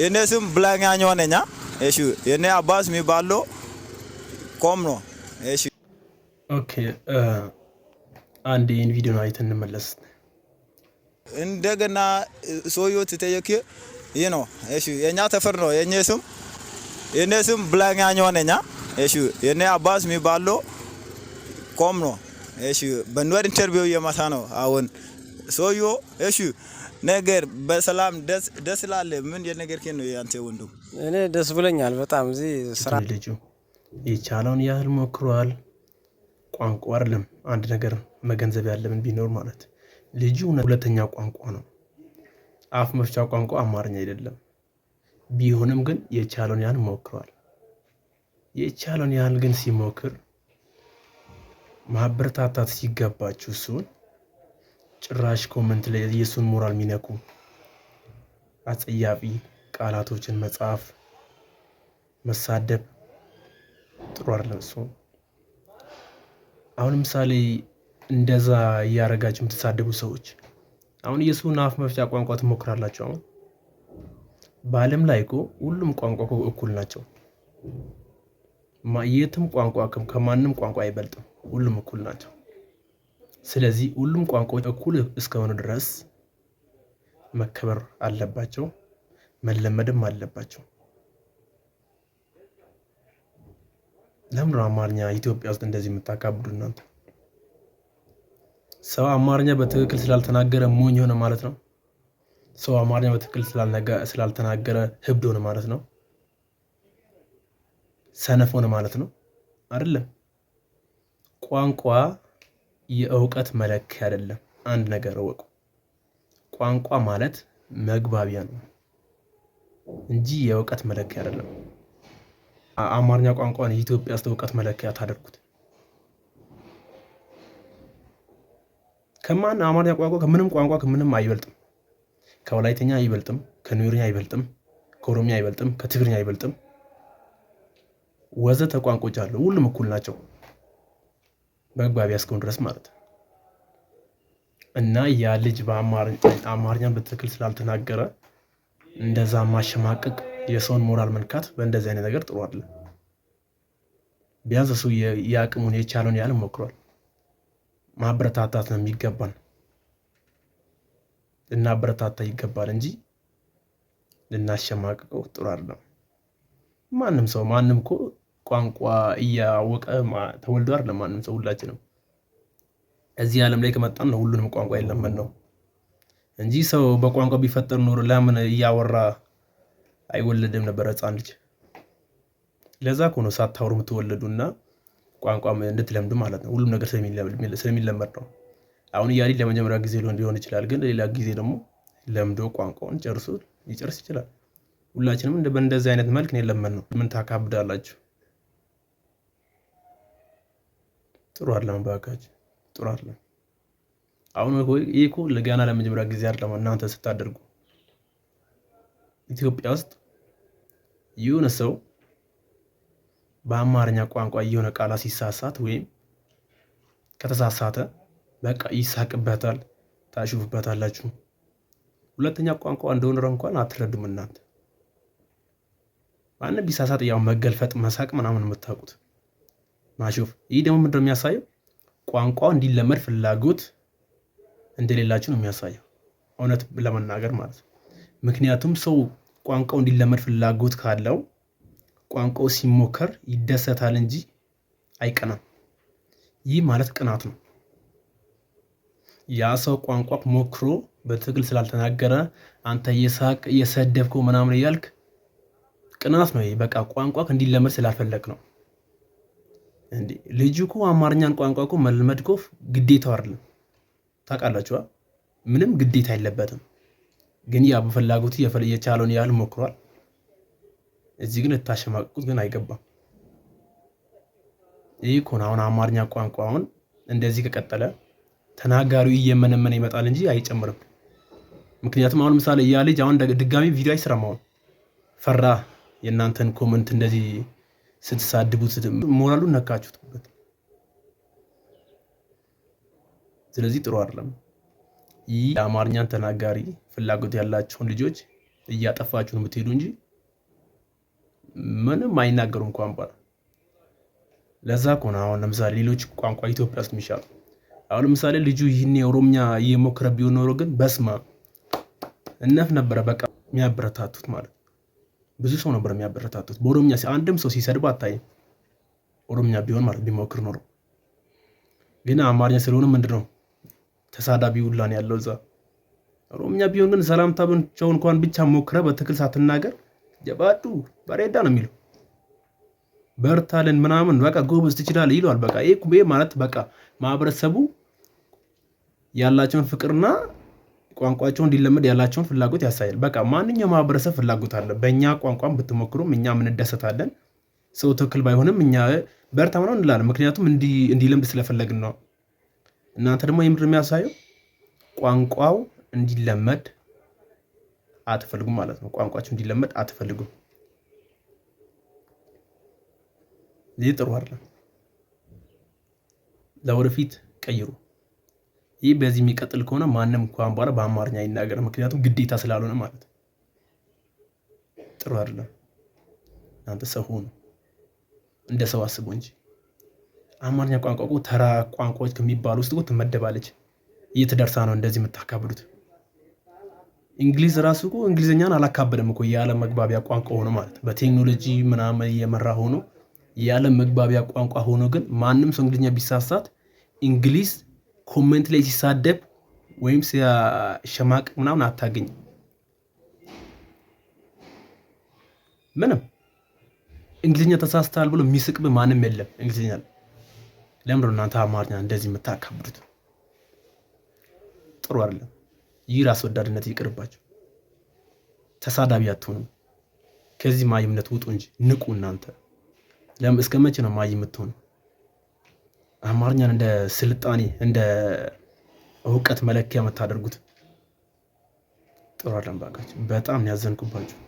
የኔ ስም ብላኛኝ ሆነኛ። እሺ የኔ አባስ የሚባለው ቆም ነው። እሺ ኦኬ። አንድ ይህን ቪዲዮ አይት እንመለስ። እንደገና ሰውዬው ትጠየቅ ይህ ነው። እሺ የኛ ተፈር ነው የኔ ስም የኔ ስም ብላኛኝ ሆነኛ። እሺ የኔ አባስ የሚባለው ቆም ነው። እሺ በንወድ ኢንተርቪው እየመታ ነው አሁን ሰውዮ እሺ፣ ነገር በሰላም ደስ ደስ ላለ ምን የነገር ነው ያንተ ወንድም? እኔ ደስ ብለኛል በጣም እዚህ ስራ ልጁ የቻለውን ያህል ሞክሯል። ቋንቋ አይደለም አንድ ነገር መገንዘብ ያለብን ቢኖር ማለት ልጁ ሁለተኛ ቋንቋ ነው። አፍ መፍቻ ቋንቋ አማርኛ አይደለም። ቢሆንም ግን የቻለውን ያህል ሞክሯል። የቻለውን ያህል ግን ሲሞክር ማበረታታት ሲገባችሁ እሱን ጭራሽ ኮመንት ላይ የእሱን ሞራል የሚነኩ አጸያፊ ቃላቶችን መጻፍ፣ መሳደብ ጥሩ አይደለም። እሱ አሁን ምሳሌ እንደዛ እያደረጋችሁ የምትሳደቡ ሰዎች አሁን የእሱን አፍ መፍቻ ቋንቋ ትሞክራላቸው አሁን በዓለም ላይ እኮ ሁሉም ቋንቋ እኩል ናቸው። የትም ቋንቋ ከማንም ቋንቋ አይበልጥም። ሁሉም እኩል ናቸው። ስለዚህ ሁሉም ቋንቋዎች እኩል እስከሆኑ ድረስ መከበር አለባቸው፣ መለመድም አለባቸው። ለምን ነው አማርኛ ኢትዮጵያ ውስጥ እንደዚህ የምታካብዱ እናንተ? ሰው አማርኛ በትክክል ስላልተናገረ ሞኝ ሆነ ማለት ነው። ሰው አማርኛ በትክክል ስላልተናገረ ህብድ ሆነ ማለት ነው። ሰነፍ ሆነ ማለት ነው። አይደለም ቋንቋ የእውቀት መለኪያ አይደለም። አንድ ነገር እወቁ። ቋንቋ ማለት መግባቢያ ነው እንጂ የእውቀት መለኪያ አይደለም። አማርኛ ቋንቋን የኢትዮጵያ ውስጥ እውቀት መለኪያ ታደርጉት ከማን አማርኛ ቋንቋ ከምንም ቋንቋ ከምንም አይበልጥም። ከወላይተኛ አይበልጥም፣ ከኑሪኛ አይበልጥም፣ ከኦሮሚያ አይበልጥም፣ ከትግርኛ አይበልጥም ወዘተ ቋንቋዎች አሉ። ሁሉም እኩል ናቸው። በግባቢ እስከሆን ድረስ ማለት ነው። እና ያ ልጅ በአማርኛ በትክክል ስላልተናገረ እንደዛ ማሸማቀቅ፣ የሰውን ሞራል መንካት በእንደዚህ አይነት ነገር ጥሩ አለ። ቢያንስ እሱ የአቅሙን የቻለውን ያህል ሞክሯል። ማበረታታት ነው የሚገባን፣ ልናበረታታ ይገባል እንጂ ልናሸማቅቀው ጥሩ አይደለም። ማንም ሰው ማንም እኮ ቋንቋ እያወቀ ተወልዶ አይደለም ማንም ሰው ሁላችንም እዚህ ዓለም ላይ ከመጣን ነው ሁሉንም ቋንቋ ነው። እንጂ ሰው በቋንቋ ቢፈጠር ኖሮ ለምን እያወራ አይወለድም ነበር ህፃን ልጅ ለዛ ከሆነ ነው ሳታወሩ የምትወለዱና ቋንቋ እንድትለምዱ ማለት ነው ሁሉም ነገር ስለሚለመድ ነው አሁን እያሌ ለመጀመሪያ ጊዜ ሊሆን ይችላል ግን ሌላ ጊዜ ደግሞ ለምዶ ቋንቋውን ጨርሶ ሊጨርስ ይችላል ሁላችንም በእንደዚህ አይነት መልክ ነው ምን ታካብዳላችሁ ጥሩ አይደለም። እባካችሁ ጥሩ አይደለም። አሁን ይህ እኮ ገና ለመጀመሪያ ጊዜ አይደለም እናንተ ስታደርጉ። ኢትዮጵያ ውስጥ የሆነ ሰው በአማርኛ ቋንቋ የሆነ ቃላ ሲሳሳት ወይም ከተሳሳተ በቃ ይሳቅበታል፣ ታሽፉበታላችሁ። ሁለተኛ ቋንቋ እንደሆነ እንኳን አትረዱም እናንተ ማንም ቢሳሳት ያው መገልፈጥ፣ መሳቅ ምናምን የምታውቁት ማሾፍ። ይህ ደግሞ ምንድነው የሚያሳየው? ቋንቋው እንዲለመድ ፍላጎት እንደሌላችሁ ነው የሚያሳየው፣ እውነት ለመናገር ማለት ነው። ምክንያቱም ሰው ቋንቋው እንዲለመድ ፍላጎት ካለው ቋንቋው ሲሞከር ይደሰታል እንጂ አይቀናም። ይህ ማለት ቅናት ነው። ያ ሰው ቋንቋ ሞክሮ በትግል ስላልተናገረ አንተ የሳቅ የሰደብከው ምናምን እያልክ ቅናት ነው። በቃ ቋንቋ እንዲለመድ ስላልፈለግ ነው። ልጁ እኮ አማርኛን ቋንቋ እኮ መልመድ እኮ ግዴታው አይደለም። ታውቃላችኋ ምንም ግዴታ የለበትም። ግን ያ በፍላጎቱ የቻለውን ያህል ሞክሯል። እዚህ ግን ልታሸማቅቁት ግን አይገባም። ይህ እኮ ነው አሁን አማርኛ ቋንቋውን እንደዚህ ከቀጠለ ተናጋሪው እየመነመነ ይመጣል እንጂ አይጨምርም። ምክንያቱም አሁን ምሳሌ ያ ልጅ አሁን ድጋሚ ቪዲዮ አይሰራም። አሁን ፈራ የእናንተን ኮመንት እንደዚህ ስትሳድቡት ሞራሉን ነካችሁትበት። ስለዚህ ጥሩ አይደለም። ይህ የአማርኛን ተናጋሪ ፍላጎት ያላቸውን ልጆች ነው የምትሄዱ እንጂ ምንም አይናገሩም ባል ለዛ ከሆነ አሁን ለምሳሌ ሌሎች ቋንቋ ኢትዮጵያ ውስጥ የሚሻሉ አሁን ለምሳሌ ልጁ ይህን የኦሮምኛ እየሞከረ ቢሆን ኖሮ ግን በስማ እነፍ ነበረ በቃ የሚያበረታቱት ማለት ብዙ ሰው ነበር የሚያበረታቱት በኦሮምኛ። አንድም ሰው ሲሰድብ አታይም። ኦሮምኛ ቢሆን ማለት ቢሞክር ኖሮ ግን አማርኛ ስለሆነ ምንድነው ተሳዳቢ ውላን ያለው እዛ። ኦሮምኛ ቢሆን ግን ብቻው እንኳን ብቻ ሞክረ በትክክል ሳትናገር ጀባዱ በሬዳ ነው የሚለው በርታልን ምናምን በቃ ጎበዝ ትችላለህ ይለዋል። በቃ ይሄ ማለት በቃ ማህበረሰቡ ያላቸውን ፍቅርና ቋንቋቸው እንዲለመድ ያላቸውን ፍላጎት ያሳያል። በቃ ማንኛውም ማህበረሰብ ፍላጎት አለ። በእኛ ቋንቋም ብትሞክሩም እኛ እንደሰታለን። ሰው ትክክል ባይሆንም እኛ በርታ ምናምን እንላለን። ምክንያቱም እንዲለምድ ስለፈለግን ነው። እናንተ ደግሞ የምር የሚያሳየው ቋንቋው እንዲለመድ አትፈልጉም ማለት ነው። ቋንቋቸው እንዲለመድ አትፈልጉም። ይህ ጥሩ አይደለም። ለወደፊት ቀይሩ። ይህ በዚህ የሚቀጥል ከሆነ ማንም እንኳን በኋላ በአማርኛ ይናገር፣ ምክንያቱም ግዴታ ስላልሆነ ማለት ጥሩ አይደለም። እናንተ ሰው ሆኑ፣ እንደ ሰው አስቡ እንጂ አማርኛ ቋንቋ እኮ ተራ ቋንቋዎች ከሚባሉ ውስጥ እኮ ትመደባለች። የት ደርሳ ነው እንደዚህ የምታካብዱት? እንግሊዝ ራሱ እኮ እንግሊዝኛን አላካበደም እኮ የዓለም መግባቢያ ቋንቋ ሆኖ ማለት በቴክኖሎጂ ምናምን እየመራ ሆኖ የዓለም መግባቢያ ቋንቋ ሆኖ ግን ማንም ሰው እንግሊዝኛ ቢሳሳት እንግሊዝ ኮሜንት ላይ ሲሳደብ ወይም ሲሸማቅ ምናምን አታገኝም። ምንም እንግሊዝኛ ተሳስተሃል ብሎ የሚስቅብ ማንም የለም። እንግሊዝኛ ለምድ እናንተ አማርኛ እንደዚህ የምታካብዱት? ጥሩ አይደለም። ይህ ራስ ወዳድነት ይቅርባቸው። ተሳዳቢ አትሆንም። ከዚህ ማይምነት ውጡ እንጂ ንቁ እናንተ። ለምን እስከ መቼ ነው ማይ የምትሆነው? አማርኛን እንደ ስልጣኔ እንደ እውቀት መለኪያ የምታደርጉት ጥሩ አለም። በጣም ያዘንኩባችሁ።